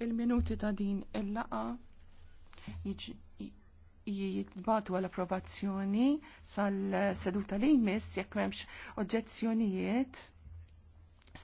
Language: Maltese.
Il-minuti ta' din il-laqa jitbatu għal-approvazzjoni sal-seduta li jmiss jekk memx oġġezzjonijiet